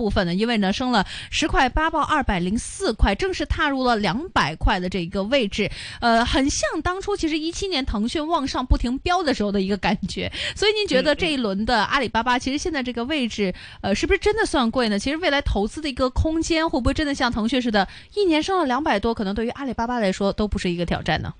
部分呢，因為呢升了十塊八，到二百零四塊，正式踏入了兩百塊的這一個位置。呃，很像當初其實一七年騰訊往上不停飆的時候的一個感覺。所以您覺得這一輪的阿里巴巴，其實現在這個位置，呃，是不是真的算貴呢？其實未來投資的一個空間，會不會真的像騰訊似的，一年升了兩百多，可能對於阿里巴巴來說都不是一個挑戰呢？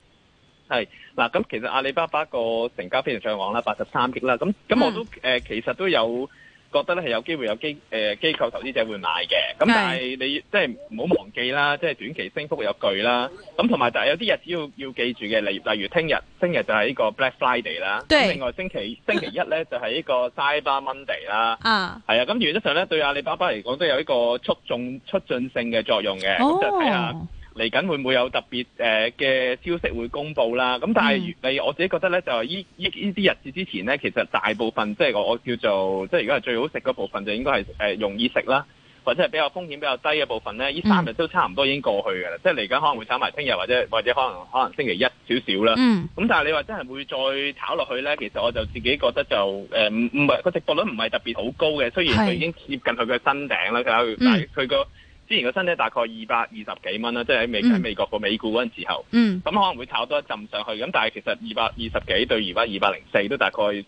係，嗱，咁其實阿里巴巴個成交非常暢旺啦，八十三億啦，咁咁我都誒、呃，其實都有。覺得咧係有機會有機誒、機、呃、機構投資者會買嘅，咁但係你即係唔好忘記啦，即係短期升幅有巨啦，咁同埋就係有啲日子要要記住嘅，例例如聽日，聽日就係呢個 Black Friday 啦，咁另外星期星期一咧 就係呢個 Cyber Monday 啦，啊，係啊，咁原則上咧對阿里巴巴嚟講都有一個促進促進性嘅作用嘅，咁、哦、就睇下。嚟緊會唔會有特別嘅、呃、消息會公布啦？咁、嗯嗯、但係，例如我自己覺得咧，就係依啲日子之前咧，其實大部分即係、就是、我叫做即係、就是、如果係最好食嗰部分，就應該係、呃、容易食啦，或者係比較風險比較低嘅部分咧。呢、嗯、三日都差唔多已經過去㗎啦，即係嚟緊可能會炒埋聽日，或者或者可能可能星期一少少啦。咁、嗯嗯、但係你話真係會再炒落去咧，其實我就自己覺得就唔唔係個值博率唔係特別好高嘅，雖然佢已經接近佢嘅新頂啦，佢但係佢個。嗯之前個身呢，大概二百二十幾蚊啦，即係喺美喺美國個美股嗰陣時候，咁、嗯、可能會炒多一陣上去。咁但係其實二百二十幾對而家二百零四都大概誒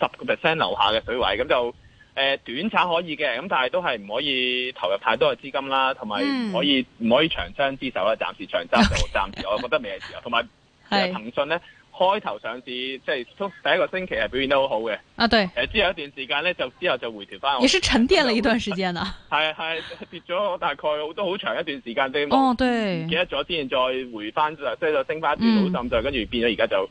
十個 percent 樓下嘅水位，咁就誒短炒可以嘅，咁但係都係唔可以投入太多嘅資金啦，同埋可以唔可以長揸之手咧？暫時長揸就暫時，我覺得未係時候。同埋。騰訊咧開頭上市，即係通第一個星期係表現得好好嘅。啊，對，誒、呃、之後一段時間咧就之後就回調翻。你是沉澱咗一段時間啊。係 係跌咗，大概都好長一段時間先。哦，對。記得咗之前再回翻，即係就升翻一段好深，嗯、就跟住變咗而家就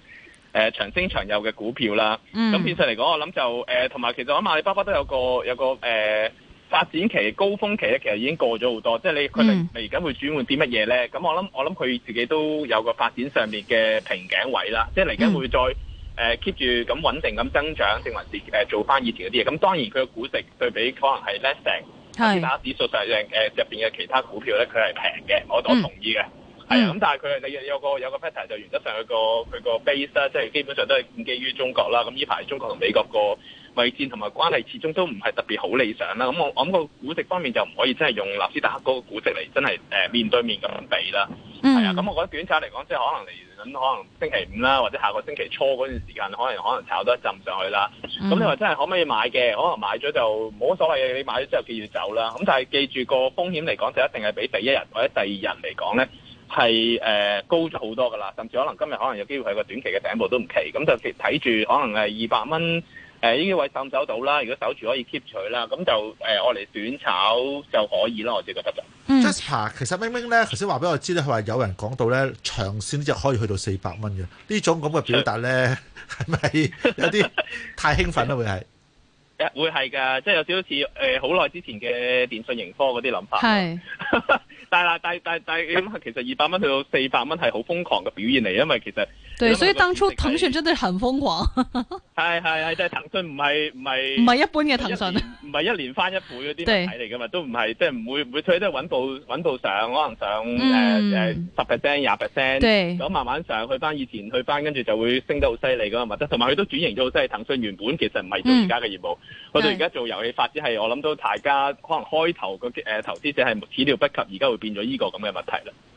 誒長升長有嘅股票啦。咁變相嚟講，我諗就誒同埋其實喺阿里巴巴都有個有個誒。呃發展期高峰期咧，其實已經過咗好多，即係你佢嚟嚟緊會轉換啲乜嘢咧？咁、嗯、我諗我諗佢自己都有個發展上面嘅瓶頸位啦、嗯，即係嚟緊會再誒、呃、keep 住咁穩定咁增長，定還是誒做翻以前嗰啲嘢？咁當然佢嘅估值對比可能係 lessing 喺其他指數上誒誒入邊嘅其他股票咧，佢係平嘅，我都同意嘅。係、嗯嗯、啊，咁但係佢你有個有個 pattern 就原則上佢個佢個 base 啦，即係基本上都係基於中國啦。咁呢排中國同美國個位置同埋關係始終都唔係特別好理想啦，咁我我諗個估值方面就唔可以真係用納斯達克嗰個估值嚟真係誒面對面咁比啦。係、嗯、啊，咁我覺得短炒嚟講，即係可能嚟緊可能星期五啦，或者下個星期初嗰段時間，可能可能炒多一陣上去啦。咁你話真係可唔可以買嘅？可能買咗就冇所謂嘅，你買咗之後佢要走啦。咁但係記住個風險嚟講，就一定係比第一日或者第二日嚟講咧係誒高咗好多噶啦，甚至可能今日可能有機會係個短期嘅頂部都唔奇。咁就睇住可能係二百蚊。誒應該為守走到啦，如果守住可以 keep 佢啦，咁就誒我嚟短炒就可以啦，我自己覺得就。Jasper、mm. 其實明明咧頭先話俾我知咧，佢話有人講到咧長線就可以去到四百蚊嘅，呢種咁嘅表達咧係咪有啲太興奮啦 會係？誒會係㗎，即係有少少似誒好耐之前嘅電訊盈科嗰啲諗法。係 是。但係但但但咁其實二百蚊去到四百蚊係好瘋狂嘅表現嚟，因為其實。對，所以當初騰訊真係很瘋狂。係係係，即係騰訊唔係唔係唔係一般嘅騰訊，唔係一,一年翻一倍嗰啲問題嚟噶嘛，都唔係即係唔會每出都係穩步穩步上，可能上誒誒十 percent、廿 percent，咁慢慢上去翻以前去翻，跟住就會升得好犀利㗎嘛。或者。同埋佢都轉型咗，即係騰訊原本其實唔係做而家嘅業務，去、嗯、到而家做遊戲發展係我諗到大家可能開頭誒投資者係始料不及，而家會變咗呢個咁嘅問題啦。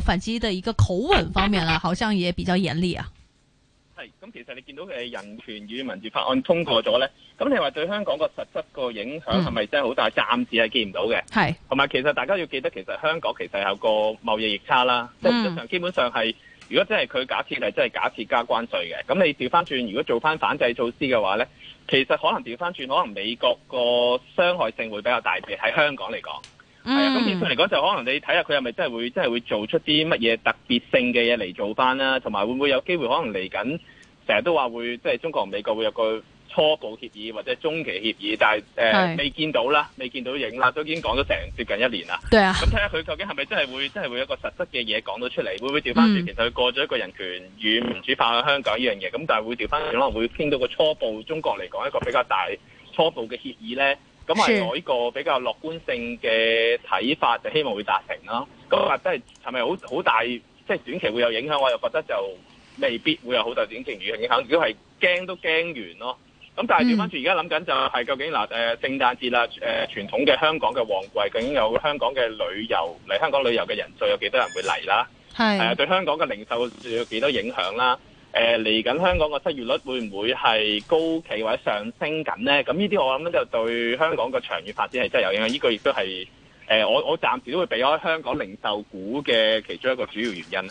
反擊的一個口吻方面啦、啊，好像也比較嚴厲啊。係咁，其實你見到嘅人權與民主法案通過咗呢，咁、嗯、你話對香港個實質個影響係咪真係好大？暫、嗯、時係見唔到嘅。係同埋，還有其實大家要記得，其實香港其實有個貿易逆差啦，即係實質上基本上係，如果真係佢假設係真係假設加關稅嘅，咁你調翻轉，如果做翻反制措施嘅話呢，其實可能調翻轉，可能美國個傷害性會比較大啲喺香港嚟講。係、嗯、啊，咁以上嚟講就可能你睇下佢係咪真係會真係會做出啲乜嘢特別性嘅嘢嚟做翻、啊、啦，同埋會唔會有機會可能嚟緊？成日都話會即係中國同美國會有個初步協議或者中期協議，但係誒、呃、未見到啦，未見到影啦，都已經講咗成接近一年啦。對啊。咁睇下佢究竟係咪真係會真係會有一個實質嘅嘢講到出嚟？會唔會調翻轉其實佢過咗一個人權與民主化去香港呢樣嘢？咁但係會調翻轉可能會傾到個初步中國嚟講一個比較大初步嘅協議咧？咁、嗯、係我呢個比較樂觀性嘅睇法，就希望會達成啦。咁話即係係咪好好大即係短期會有影響？我又覺得就未必會有好大短期影響。如果係驚都驚完咯。咁但係調返轉，而家諗緊就係、是、究竟嗱誒、呃、聖誕節啦、呃、傳統嘅香港嘅旺季，究竟有香港嘅旅遊嚟香港旅遊嘅人數有幾多人會嚟啦？係啊、呃，對香港嘅零售有幾多影響啦？誒嚟緊香港個失業率會唔會係高企或者上升緊咧？咁呢啲我諗咧就對香港個長遠發展係真係有影響。呢個亦都係誒我我暫時都會避開香港零售股嘅其中一個主要原因。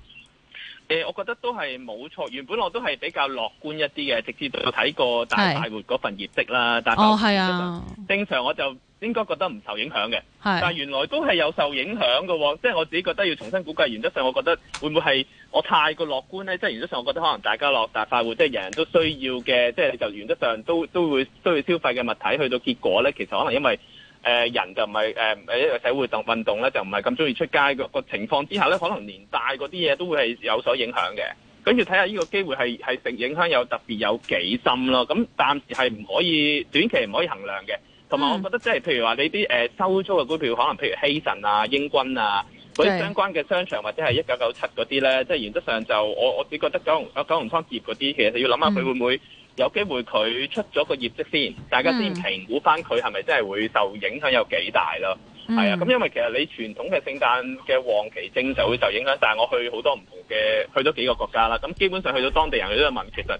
誒，我覺得都係冇錯。原本我都係比較樂觀一啲嘅，直至到睇過大快活嗰份業績啦。哦，係啊，正常我就應該覺得唔受影響嘅。但原來都係有受影響嘅。即係我自己覺得要重新估計。原則上，我覺得會唔會係我太過樂觀呢？即係原則上，我覺得可能大家樂大快活，即係人人都需要嘅，即係就原則上都都會需要消費嘅物體，去到結果呢，其實可能因為。誒人就唔係誒一個社會運動運動咧，就唔係咁中意出街個、那個情況之下咧，可能年大嗰啲嘢都會係有所影響嘅。跟住睇下呢個機會係係成影響有特別有幾深咯。咁暫時係唔可以短期唔可以衡量嘅。同埋我覺得即、就、係、是、譬如話你啲誒收租嘅股票，可能譬如希慎啊、英軍啊嗰啲相關嘅商場或者係一九九七嗰啲咧，即、就、係、是、原則上就我我只覺得九龍啊九龍倉業嗰啲其實你要諗下佢會唔會。嗯有機會佢出咗個業績先，大家先評估翻佢係咪真係會受影響有幾大咯。係、mm. 啊，咁因為其實你傳統嘅聖誕嘅旺期就會受影響，但係我去好多唔同嘅，去咗幾個國家啦，咁基本上去到當地人，佢都係問其實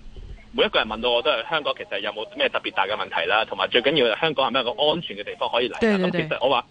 每一個人問到我都係香港，其實有冇咩特別大嘅問題啦，同埋最緊要係香港係咩個安全嘅地方可以嚟啦。咁其實我話。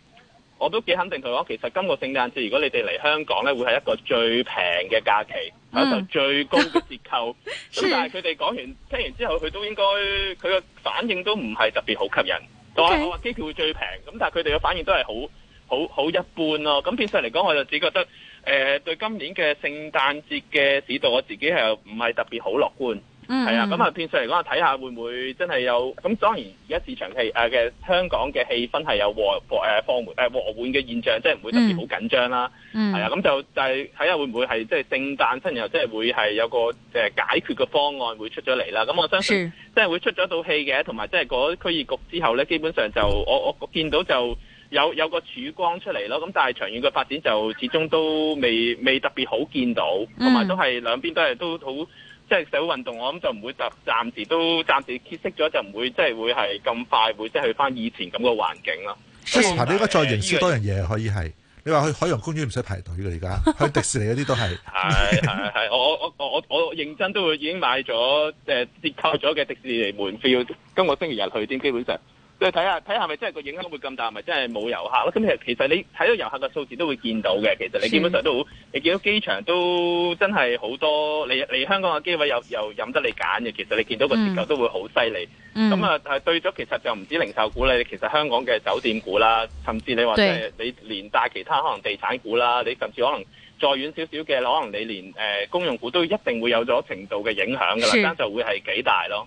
我都幾肯定佢講，其實今個聖誕節如果你哋嚟香港呢會係一個最平嘅假期，喺、mm. 度最高嘅折扣。咁 但係佢哋講完聽完之後，佢都應該佢嘅反應都唔係特別好吸引。Okay. 我話機票最平，咁但係佢哋嘅反應都係好好好一般咯、哦。咁變相嚟講，我就只覺得誒、呃、對今年嘅聖誕節嘅市道，我自己係唔係特別好樂觀。嗯，係啊，咁啊，變相嚟講，睇下會唔會真係有咁？當然而家市場氣誒嘅香港嘅氣氛係有和和放緩和緩嘅現象，即係唔會特別好緊張啦。嗯，係啊，咁就但係睇下會唔會係即係聖誕新年之後，即、就、係、是、會係有個誒、就是、解決嘅方案會出咗嚟啦。咁我相信即係、mm -hmm. 會出咗一道氣嘅，同埋即係過咗區議局之後咧，基本上就我我見到就有有個曙光出嚟咯。咁但係長遠嘅發展就始終都未未特別好見到，同埋、mm-hmm. 都係兩邊都係都好。即係社會運動，我諗就唔會就暫時都暫時歇息咗，就唔會即係會係咁快會即係去返以前咁嘅環境囉。即係而家我再認識多樣嘢，可以係你話去海洋公園唔使排隊嘅而家，去迪士尼嗰啲都係係係係，我我我我認真都會已經買咗誒折扣咗嘅迪士尼門票，今個星期日去先，基本上。佢睇下睇下，係咪真係個影響會咁大，係咪真係冇遊客咯？咁其實其實你睇到遊客嘅數字都會見到嘅。其實你基本上都好，你見到機場都真係好多。嚟嚟香港嘅機位又又任得你揀嘅。其實你見到個折扣都會好犀利。咁、嗯、啊，對咗。其實就唔止零售股啦，你其實香港嘅酒店股啦，甚至你話即係你連帶其他可能地產股啦，你甚至可能再遠少少嘅，可能你連誒、呃、公用股都一定會有咗程度嘅影響㗎啦。就會係幾大咯。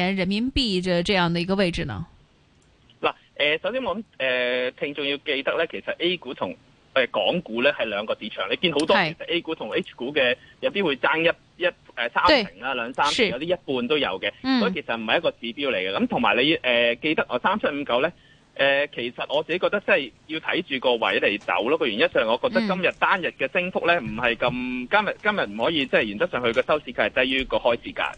人民幣這這樣的一個位置呢？嗱，誒，首先我誒，聽眾要記得呢，其實 A 股同誒港股呢係兩個市場，你見好多其實 A 股同 H 股嘅有啲會爭一一誒三成啦，兩三成有啲一半都有嘅，所以其實唔係一個指標嚟嘅。咁同埋你誒、呃、記得，我三七五九呢，誒，其實我自己覺得即係要睇住個位嚟走咯。個原因就係我覺得今日單日嘅升幅呢唔係咁，今日今日唔可以即係、就是、原則上去個收市價係低於個開市價。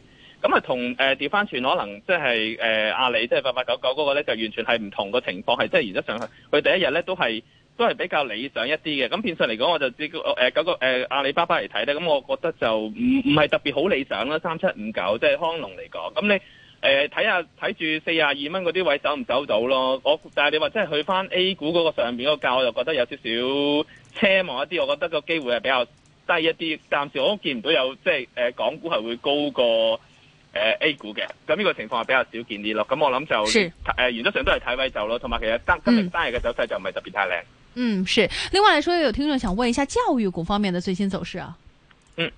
咁啊，同、呃、誒調翻轉，可能即係誒阿里，即係八八九九嗰個咧，就完全係唔同個情況，係即係原則上，佢第一日咧都係都係比較理想一啲嘅。咁變相嚟講，我就知嗰個、呃、阿里巴巴嚟睇咧，咁我覺得就唔唔係特別好理想啦。三七五九即係康龍嚟講，咁你誒睇下睇住四廿二蚊嗰啲位走唔走到咯。我但係你話即係去翻 A 股嗰個上面嗰個價，我就覺得有少少奢望一啲，我覺得個機會係比較低一啲。暫時我都見唔到有即係、誒、港股係會高過。誒、呃、，A 股嘅，咁呢個情況係比較少見啲咯。咁我諗就，誒、呃，原則上都係睇位就咯。同埋其實今今日單日嘅走勢就唔係特別太靚。嗯,是,嗯是。另外嚟說，有聽眾想問一下教育股方面嘅最新走勢啊。嗯，誒、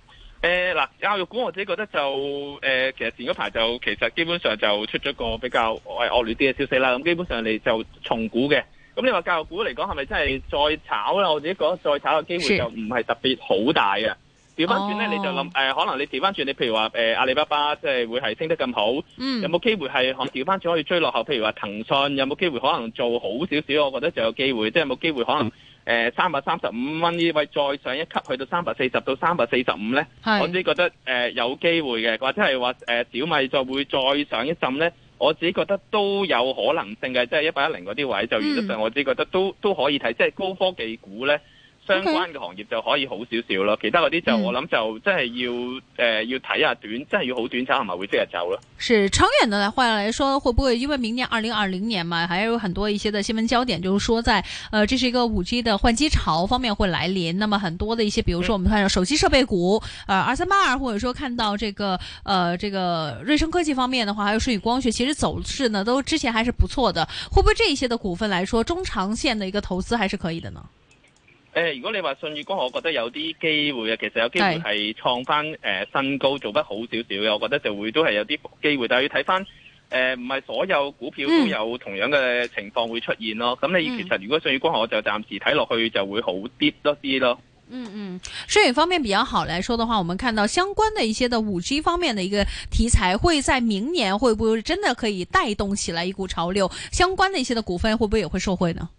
呃、嗱，教育股我自己覺得就，誒、呃，其實前嗰排就其實基本上就出咗個比較惡劣啲嘅消息啦。咁基本上你就重估嘅。咁你話教育股嚟講，係咪真係再炒啦？我自己覺得再炒嘅機會就唔係特別好大嘅。調翻轉咧，oh. 你就諗誒、呃，可能你調翻轉，你譬如話誒、呃、阿里巴巴，即係會係升得咁好，mm. 有冇機會係調翻轉可以追落後？譬如話騰訊，有冇機會可能做好少少？我覺得就有機會，即係冇機會可能誒三百三十五蚊呢位再上一級，去到三百四十到三百四十五咧，mm. 我自己覺得誒、呃、有機會嘅，或者係話誒小米就會再上一浸咧，我自己覺得都有可能性嘅，即係一百一零嗰啲位，就原則上、mm. 我自己覺得都都可以睇，即、就、係、是、高科技股咧。相關嘅行業就可以好少少啦，okay. 其他嗰啲就、嗯、我諗就真係要誒、呃、要睇下短，真係要好短炒係咪會即日走咯。是長遠嚟話來說，會不會因為明年二零二零年嘛，還有很多一些的新聞焦點，就是說在，呃，這是一個五 G 的換機潮方面會來臨。那麼很多的一些，嗯、比如說我們看到手機設備股，呃，二三八二，或者說看到這個，呃，這個瑞聲科技方面的話，還有舜宇光學，其實走勢呢都之前還是不錯的。會不會這一些的股份來說，中長線的一個投資還是可以的呢？誒、呃，如果你話信譽光學，我覺得有啲機會，其實有機會係創翻誒、呃、新高，做得好少少嘅，我覺得就會都係有啲機會，但係要睇翻誒，唔、呃、係所有股票都有同樣嘅情況會出現咯。咁、嗯、你其實如果信譽光學，我就暫時睇落去就會好啲多啲咯。嗯嗯，信譽方面比較好來說的話，我們看到相關的一些的五 G 方面的一個題材，會在明年會不會真的可以帶動起來一股潮流？相關的一些的股份會不會也會受惠呢？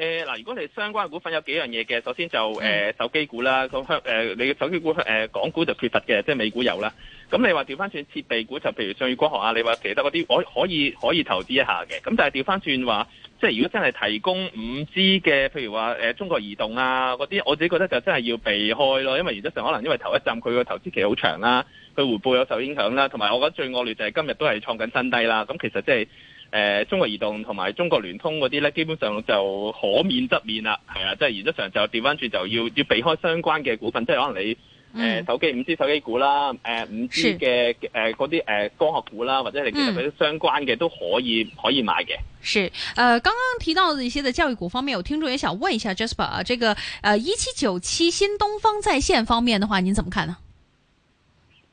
誒、呃、嗱，如果你相關嘅股份有幾樣嘢嘅，首先就誒、呃、手機股啦，咁、呃、香你嘅手機股香、呃、港股就缺乏嘅，即係美股有啦。咁你話調翻轉設備股就譬如上月光學啊，你話其他嗰啲我可以可以投資一下嘅。咁但係調翻轉話，即係如果真係提供五 G 嘅，譬如話、呃、中國移動啊嗰啲，我自己覺得就真係要避開咯，因為原則上可能因為頭一站佢個投資期好長啦，佢回報有受影響啦，同埋我覺得最惡劣就係今日都係創緊新低啦。咁其實即係。誒、呃，中國移動同埋中國聯通嗰啲咧，基本上就可免則免啦，係啊，即係原則上就調翻轉，就要要避開相關嘅股份，即係可能你誒、呃、手機五 G 手機股啦，誒五 G 嘅誒嗰啲誒光學股啦，或者你其實嗰啲相關嘅都可以、嗯、可以買嘅。是，誒、呃，剛剛提到的一些嘅教育股方面，有聽眾也想問一下 Jasper 啊，這個誒一七九七新東方在線方面的話，您怎麼看呢？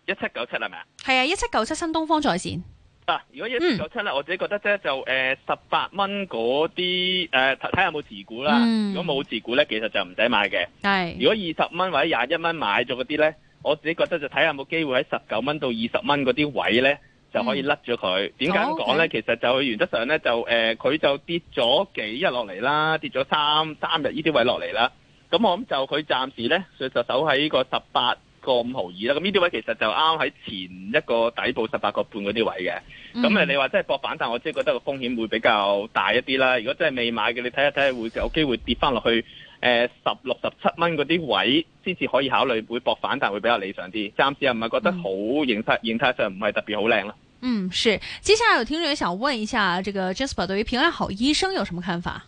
一七九七係咪啊？係啊，一七九七新東方在線。嗱、啊，如果一九七咧，我自己覺得咧就誒十八蚊嗰啲誒睇下有冇持股啦。如果冇持股咧，其實就唔使買嘅。係。如果二十蚊或者廿一蚊買咗嗰啲咧，我自己覺得就睇下有冇機會喺十九蚊到二十蚊嗰啲位咧就可以甩咗佢。點解咁講咧？其實就佢原則上咧就誒佢、呃、就跌咗幾日落嚟啦，跌咗三三日、嗯、呢啲位落嚟啦。咁我諗就佢暫時咧，佢就守喺依個十八。個五毫二啦，咁呢啲位其實就啱喺前一個底部十八個半嗰啲位嘅。咁誒你話真係博反彈，我即係覺得個風險會比較大一啲啦。如果真係未買嘅，你睇一睇下會有機會跌翻落去誒十六十七蚊嗰啲位先至可以考慮會博反彈會比較理想啲。暫時又唔係覺得好形態，形態上唔係特別好靚囉。嗯，是。接下來有聽眾想問一下，這個 Jasper 對於平安好醫生有什麼看法？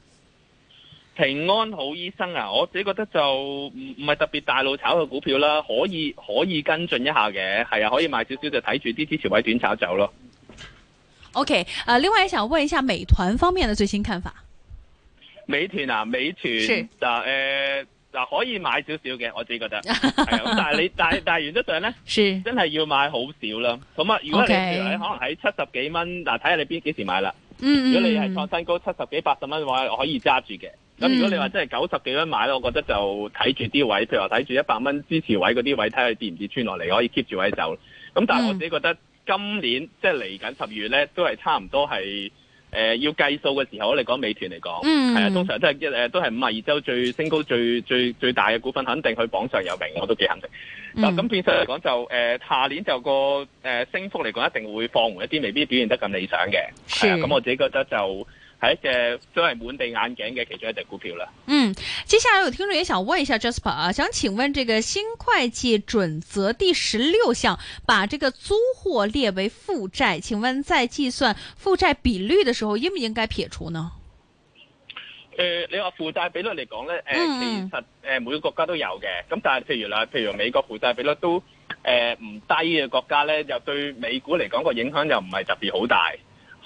平安好醫生啊，我自己覺得就唔唔係特別大路炒嘅股票啦，可以可以跟進一下嘅。係啊，可以買少少就睇住啲支持位短炒走咯。OK，啊，另外想問一下美團方面的最新看法。美團啊，美團，嗱，誒、呃，嗱、呃呃呃呃，可以買少少嘅，我自己覺得係、 啊，但係你但係但係原則上咧，真係要買好少啦。咁啊，如果你、okay、你可能喺七十幾蚊，嗱、啊，睇下你邊幾時買啦、嗯嗯。如果你係創新高七十幾八十蚊嘅話，我可以揸住嘅。咁、嗯、如果你話真係九十幾蚊買咧，我覺得就睇住啲位，譬如話睇住一百蚊支持位嗰啲位，睇佢跌唔跌穿落嚟，可以 keep 住位走。咁但係我自己覺得今年、嗯、即係嚟緊十月咧，都係差唔多係誒、呃、要計數嘅時候。你講美團嚟講，係、嗯、啊，通常都係一誒都係五廿二週最升高最最最大嘅股份，肯定佢榜上有名，我都幾肯定。嗱、嗯、咁變相嚟講就誒、呃、下年就個誒、呃、升幅嚟講一定會放緩一啲，未必表現得咁理想嘅。係啊，咁我自己覺得就。係一隻都係滿地眼鏡嘅其中一隻股票啦。嗯，接下來有聽眾也想問一下 Jasper 啊，想請問這個新會計準則第十六項，把這個租貨列為負債，請問在計算負債比率的時候，應唔應該撇除呢？誒、嗯嗯呃，你話負債比率嚟講咧，誒、呃，其實誒、呃、每個國家都有嘅。咁但係譬如啦，譬如美國負債比率都誒唔、呃、低嘅國家咧，又對美股嚟講個影響又唔係特別好大。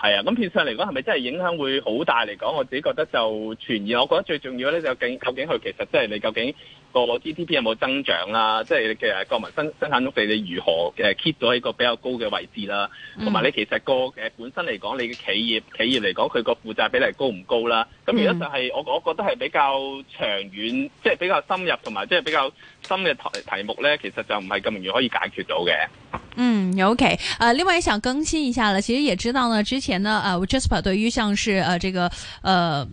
係啊，咁變相嚟講係咪真係影響會好大嚟講？我自己覺得就存疑。我覺得最重要咧就竟究竟佢其實即係你究竟個 GDP 有冇增長啦，即係你嘅國民生生產總值，你如何誒 keep 咗喺個比較高嘅位置啦，同埋你其實個本身嚟講你嘅企業企業嚟講佢個負債比例高唔高啦？咁如果就係我我覺得係比較長遠，即係比較深入同埋即係比較深嘅題目咧，其實就唔係咁容易可以解決到嘅。嗯，OK，啊、呃，另外也想更新一下啦。其實也知道呢，之前呢，啊、呃，Jasper 對於像是，啊，這個，呃，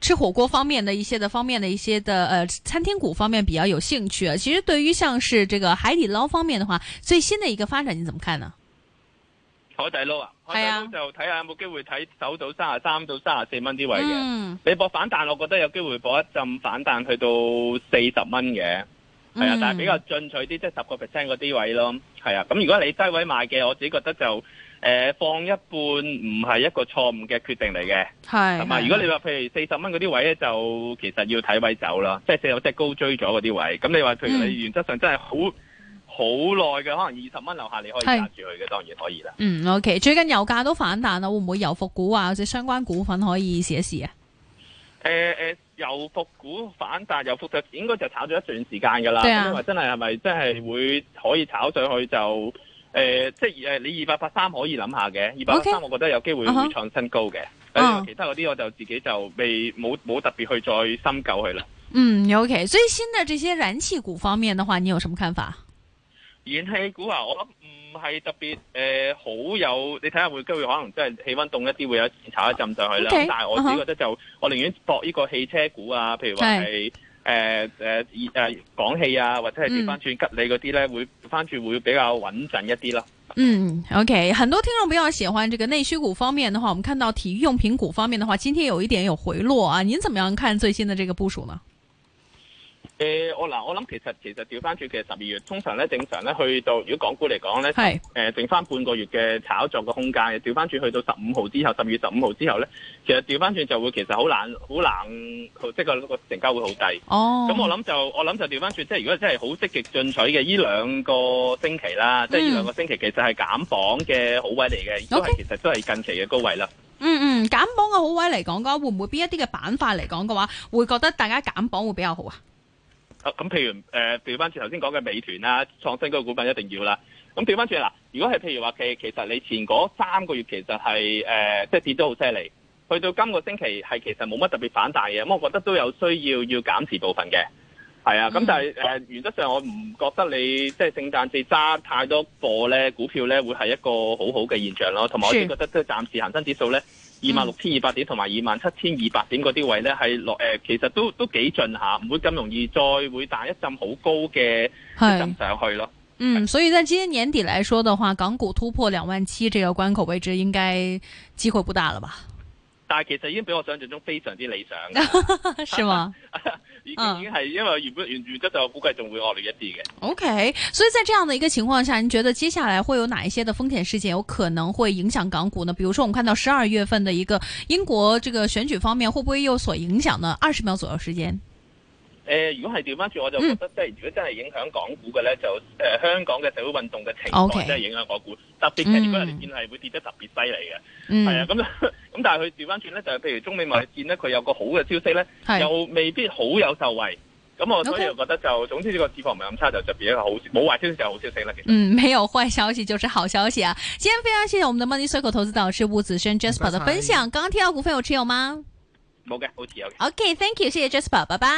吃火鍋方面的一些的方面的一些的，呃，餐廳股方面比較有興趣。其實對於像是這個海底撈方面的話，最新的一個發展，你怎麼看呢？海底撈啊，海底撈、啊啊、就睇下有冇機會睇守到三十三到三十四蚊啲位嘅、嗯，你搏反彈，我覺得有機會搏一陣反彈去到四十蚊嘅，係啊，嗯、但係比較進取啲，即係十個 percent 嗰啲位咯。係啊，咁如果你低位買嘅，我自己覺得就誒、呃、放一半唔係一個錯誤嘅決定嚟嘅。係，同埋如果你話譬如四十蚊嗰啲位就其實要睇位走啦，即係即係高追咗嗰啲位。咁你話，譬如你原則上真係好好耐嘅，可能二十蚊樓下你可以揸住佢嘅，當然可以啦、嗯。嗯，OK，最近油價都反彈啦，會唔會油服股啊或者相關股份可以試一試啊？誒、呃、誒。呃又復股反彈，又復着，應該就炒咗一段時間噶啦。因為，是不是真係係咪真係會可以炒上去就？就、呃、誒，即係誒，你二百八三可以諗下嘅，二百八三我覺得有機會會創新高嘅。Uh -huh. 但其他嗰啲我就自己就未冇冇特別去再深究佢啦。嗯，OK。所以新的這些燃氣股方面的話，你有什麼看法？燃氣股啊，我諗。唔係特別誒好有，你睇下會機會可能真係氣溫凍一啲，會有啲炒一浸上去啦。Okay, 但係我自己覺得就，uh -huh. 我寧願搏呢個汽車股啊，譬如話係誒誒誒港汽啊，或者係調翻轉吉利嗰啲咧，會翻轉會比較穩陣一啲咯。嗯，OK，很多聽眾比較喜歡這個內需股方面的話，我們看到體育用品股方面的話，今天有一點有回落啊。您怎麼樣看最新的這個部署呢？.誒、欸，我嗱，我諗其實其實調翻轉，其實十二月通常咧，正常咧去到，如果港股嚟講咧，係誒、呃，剩翻半個月嘅炒作嘅空間。調翻轉去到十五號之後，十二月十五號之後咧，其實調翻轉就會其實好冷，好冷，即係、就、個、是、個成交會好低哦。咁我諗就我諗就調翻轉，即係如果真係好積極進取嘅，依兩個星期啦，即係依兩個星期，嗯、星期其實係減磅嘅好位嚟嘅，因、okay、為其實都係近期嘅高位啦。嗯嗯，減磅嘅好位嚟講嘅話，會唔會邊一啲嘅板塊嚟講嘅話，會覺得大家減磅會比較好啊？啊咁，譬如誒，調翻轉頭先講嘅美團啦、啊，創新嗰個股份一定要啦。咁調翻轉嗱，如果係譬如話其其實你前嗰三個月其實係誒，即、呃、係跌得好犀利，去到今個星期係其實冇乜特別反彈嘅，咁我覺得都有需要要減持部分嘅。係啊，咁但係誒、嗯呃，原則上我唔覺得你即係聖誕節揸太多貨咧，股票咧會係一個好好嘅現象咯。同埋我哋覺得即係暫時恒生指數咧，二萬六千二百點同埋二萬七千二百點嗰啲位咧係落誒，其實都都幾盡下，唔會咁容易再會彈一陣好高嘅，係上去咯。嗯，所以在今年年底來說的話，港股突破兩萬七這個關口位置，應該機會不大了吧？但其實已經比我想象中非常之理想、啊，係 嘛是嗎？ 已經已經係因為原本、嗯、原本原則就估計仲會惡劣一啲嘅。O、okay, K，所以在這樣的一個情況下，您覺得接下來會有哪一些的風險事件有可能會影響港股呢？比如說，我們看到十二月份的一個英國這個選舉方面，會不會有所影響呢？二十秒左右時間。誒、呃，如果係調翻轉，我就覺得即係如果真係影響港股嘅咧、嗯，就誒、呃、香港嘅社會運動嘅情況真係影響港股、嗯，特別係如果人哋見係會跌得特別犀利嘅，係、嗯、啊咁咁、嗯嗯。但係佢調翻轉咧，就係譬如中美貿易戰咧，佢、嗯、有個好嘅消息咧，又未必好有受惠。咁我所以又、okay, 覺得就總之呢個市況唔係咁差，就特別一個好冇壞消息就係好消息啦。其實嗯，沒有壞消息就是好消息啊。今天非常謝謝我們的 Money Circle 投資導師吳子軒 Jasper 的分享。Bye. 剛剛聽到股份有持有嗎？冇嘅，好持有。嘅。OK，Thank、okay, you，謝謝 Jasper，拜拜。